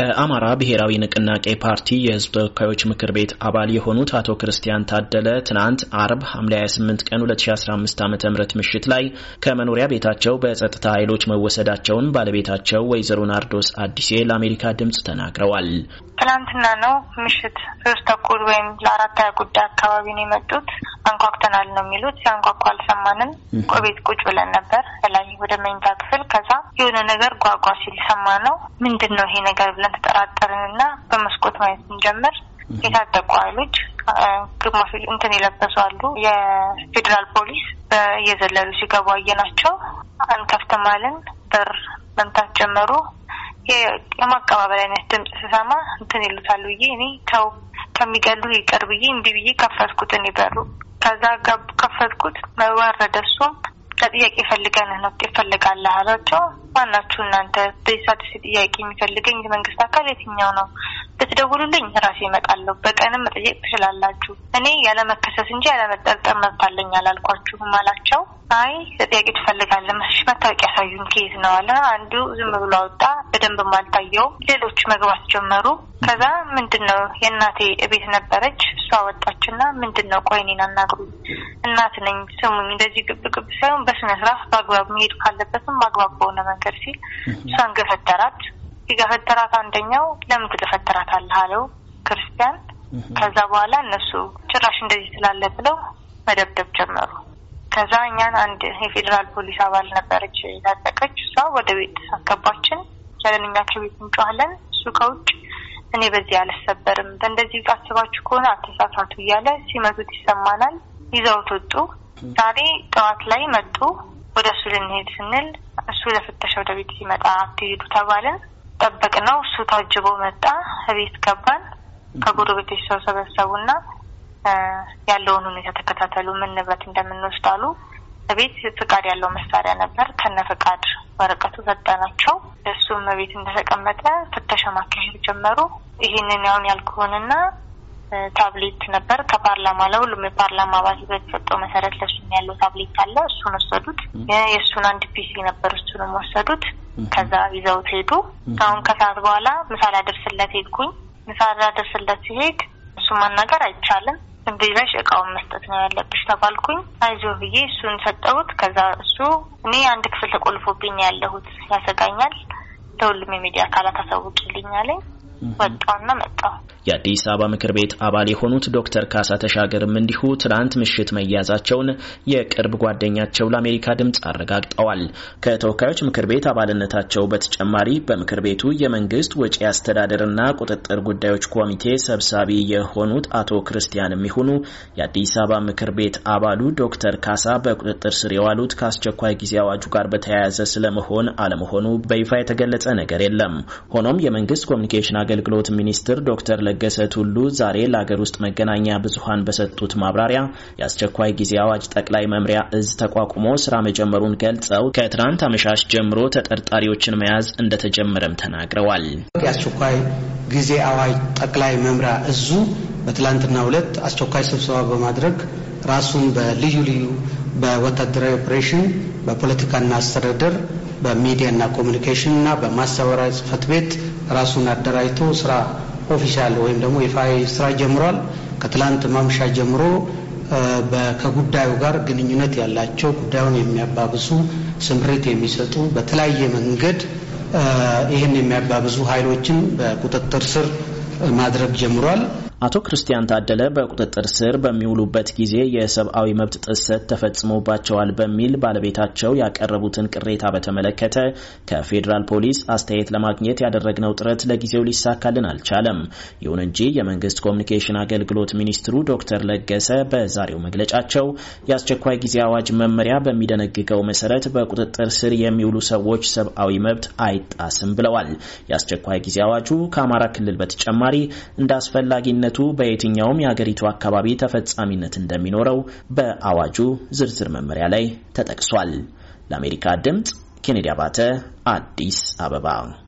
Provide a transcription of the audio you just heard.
ከአማራ ብሔራዊ ንቅናቄ ፓርቲ የህዝብ ተወካዮች ምክር ቤት አባል የሆኑት አቶ ክርስቲያን ታደለ ትናንት አርብ ሐምሌ 28 ቀን 2015 ዓ ም ምሽት ላይ ከመኖሪያ ቤታቸው በጸጥታ ኃይሎች መወሰዳቸውን ባለቤታቸው ወይዘሮ ናርዶስ አዲሴ ለአሜሪካ ድምፅ ተናግረዋል። ትናንትና ነው ምሽት ሶስት ተኩል ወይም ለአራት ሀያ ጉዳይ አካባቢ ነው የመጡት። አንኳኩተናል ነው የሚሉት። ሲያንኳኩ አልሰማንም። ቆቤት ቁጭ ብለን ነበር ላይ ወደ መኝታ ክፍል ከዛ የሆነ ነገር ጓጓ ሲል ሰማ ነው። ምንድን ነው ይሄ ነገር ብለን ተጠራጠርን እና በመስኮት ማየት ስንጀምር የታጠቁ ኃይሎች ግማሽ እንትን የለበሱ አሉ። የፌዴራል ፖሊስ እየዘለሉ ሲገቡ አየናቸው። አንከፍትም አልን። በር መምታት ጀመሩ። የማቀባበል አይነት ድምጽ ስሰማ እንትን ይሉታሉ ብዬ እኔ ተው ከሚገሉ ይቅር ብዬ እምቢ ብዬ ከፈትኩት። እኔ በሩ ከዛ ከፈትኩት፣ መዋረደ እሱም ለጥያቄ ፈልገን ነው ትፈልጋለህ አላቸው። ማናችሁ እናንተ በዚህ ሰዓት ጥያቄ የሚፈልገኝ የመንግስት አካል የትኛው ነው? ብትደውሉልኝ ራሴ እመጣለሁ። በቀንም መጠየቅ ትችላላችሁ። እኔ ያለመከሰስ እንጂ ያለመጠርጠር መብት አለኝ አላልኳችሁም አላቸው። አይ ጥያቄ ትፈልጋለህ መሰለሽ መታወቂያ ያሳዩን ኬዝ ነው አለ አንዱ። ዝም ብሎ አወጣ። በደንብም አልታየውም። ሌሎች መግባት ጀመሩ። ከዛ ምንድን ነው የእናቴ እቤት ነበረች እሷ ወጣችና ምንድን ነው ቆይ እኔን አናግሩኝ፣ እናት ነኝ ስሙኝ፣ እንደዚህ ግብ ግብ ሳይሆን በስነ ስርዓት በአግባብ መሄድ ካለበትም በአግባብ በሆነ መንገድ ሲል እሷን ገፈተራት። የገፈተራት አንደኛው ለምን ትገፈትራታለህ አለው ክርስቲያን። ከዛ በኋላ እነሱ ጭራሽ እንደዚህ ስላለ ብለው መደብደብ ጀመሩ። ከዛ እኛን አንድ የፌዴራል ፖሊስ አባል ነበረች የታጠቀች፣ እሷ ወደ ቤት አስገባችን። ያለን እኛ ከቤት እንጮኋለን፣ እሱ ከውጭ እኔ በዚህ አልሰበርም፣ በእንደዚህ አስባችሁ ከሆነ አተሳሳቱ እያለ ሲመቱት ይሰማናል። ይዘውት ወጡ። ዛሬ ጠዋት ላይ መጡ። ወደ እሱ ልንሄድ ስንል እሱ ለፍተሻ ወደ ቤት ሲመጣ አትሄዱ ተባልን። ጠበቅ ነው። እሱ ታጅቦ መጣ። እቤት ገባን። ከጎረቤቶች ሰው ሰበሰቡና ያለውን ሁኔታ ተከታተሉ፣ ምን ንብረት እንደምንወስድ አሉ። እቤት ፍቃድ ያለው መሳሪያ ነበር። ከነ ፍቃድ ወረቀቱ ሰጠናቸው። እሱም እቤት እንደተቀመጠ ፍተሻ ማካሄድ ጀመሩ። ይህንን ያሁን ያልኩህንና ታብሌት ነበር ከፓርላማ ለሁሉም የፓርላማ አባል በተሰጠው መሰረት ለሱም ያለው ታብሌት አለ። እሱን ወሰዱት። የእሱን አንድ ፒሲ ነበር፣ እሱንም ወሰዱት። ከዛ ይዘውት ሄዱ። አሁን ከሰዓት በኋላ ምሳ ላደርስለት ሄድኩኝ። ምሳ ላደርስለት ሲሄድ እሱ ማናገር አይቻልም እንደ ይዘሽ እቃውን መስጠት ነው ያለብሽ ተባልኩኝ። አይዞ ብዬ እሱን ሰጠሁት። ከዛ እሱ እኔ አንድ ክፍል ተቆልፎብኝ ያለሁት ያሰጋኛል፣ ለሁሉም የሚዲያ አካላት አሳውቂልኝ አለኝ። ወጣውና መጣው የአዲስ አበባ ምክር ቤት አባል የሆኑት ዶክተር ካሳ ተሻገርም እንዲሁ ትናንት ምሽት መያዛቸውን የቅርብ ጓደኛቸው ለአሜሪካ ድምፅ አረጋግጠዋል። ከተወካዮች ምክር ቤት አባልነታቸው በተጨማሪ በምክር ቤቱ የመንግስት ወጪ አስተዳደርና ቁጥጥር ጉዳዮች ኮሚቴ ሰብሳቢ የሆኑት አቶ ክርስቲያን የሚሆኑ የአዲስ አበባ ምክር ቤት አባሉ ዶክተር ካሳ በቁጥጥር ስር የዋሉት ከአስቸኳይ ጊዜ አዋጁ ጋር በተያያዘ ስለመሆን አለመሆኑ በይፋ የተገለጸ ነገር የለም። ሆኖም የመንግስት ኮሚኒኬሽን አገልግሎት ሚኒስትር ዶክተር ለገሰ ቱሉ ዛሬ ለአገር ውስጥ መገናኛ ብዙሀን በሰጡት ማብራሪያ የአስቸኳይ ጊዜ አዋጅ ጠቅላይ መምሪያ እዝ ተቋቁሞ ስራ መጀመሩን ገልጸው ከትናንት አመሻሽ ጀምሮ ተጠርጣሪዎችን መያዝ እንደተጀመረም ተናግረዋል። የአስቸኳይ ጊዜ አዋጅ ጠቅላይ መምሪያ እዙ በትላንትና ሁለት አስቸኳይ ስብሰባ በማድረግ ራሱን በልዩ ልዩ በወታደራዊ ኦፕሬሽን፣ በፖለቲካና አስተዳደር፣ በሚዲያና ኮሚኒኬሽን እና በማስተባበሪያ ጽህፈት ቤት ራሱን አደራጅቶ ስራ ኦፊሻል ወይም ደግሞ የፋይ ስራ ጀምሯል። ከትላንት ማምሻ ጀምሮ ከጉዳዩ ጋር ግንኙነት ያላቸው ጉዳዩን የሚያባብሱ ስምሪት የሚሰጡ በተለያየ መንገድ ይህን የሚያባብዙ ኃይሎችን በቁጥጥር ስር ማድረግ ጀምሯል። አቶ ክርስቲያን ታደለ በቁጥጥር ስር በሚውሉበት ጊዜ የሰብአዊ መብት ጥሰት ተፈጽሞባቸዋል በሚል ባለቤታቸው ያቀረቡትን ቅሬታ በተመለከተ ከፌዴራል ፖሊስ አስተያየት ለማግኘት ያደረግነው ጥረት ለጊዜው ሊሳካልን አልቻለም። ይሁን እንጂ የመንግስት ኮሚኒኬሽን አገልግሎት ሚኒስትሩ ዶክተር ለገሰ በዛሬው መግለጫቸው የአስቸኳይ ጊዜ አዋጅ መመሪያ በሚደነግገው መሰረት በቁጥጥር ስር የሚውሉ ሰዎች ሰብአዊ መብት አይጣስም ብለዋል። የአስቸኳይ ጊዜ አዋጁ ከአማራ ክልል በተጨማሪ እንደ አስፈላጊነት ስምምነቱ በየትኛውም የሀገሪቱ አካባቢ ተፈጻሚነት እንደሚኖረው በአዋጁ ዝርዝር መመሪያ ላይ ተጠቅሷል። ለአሜሪካ ድምፅ ኬኔዲ አባተ አዲስ አበባ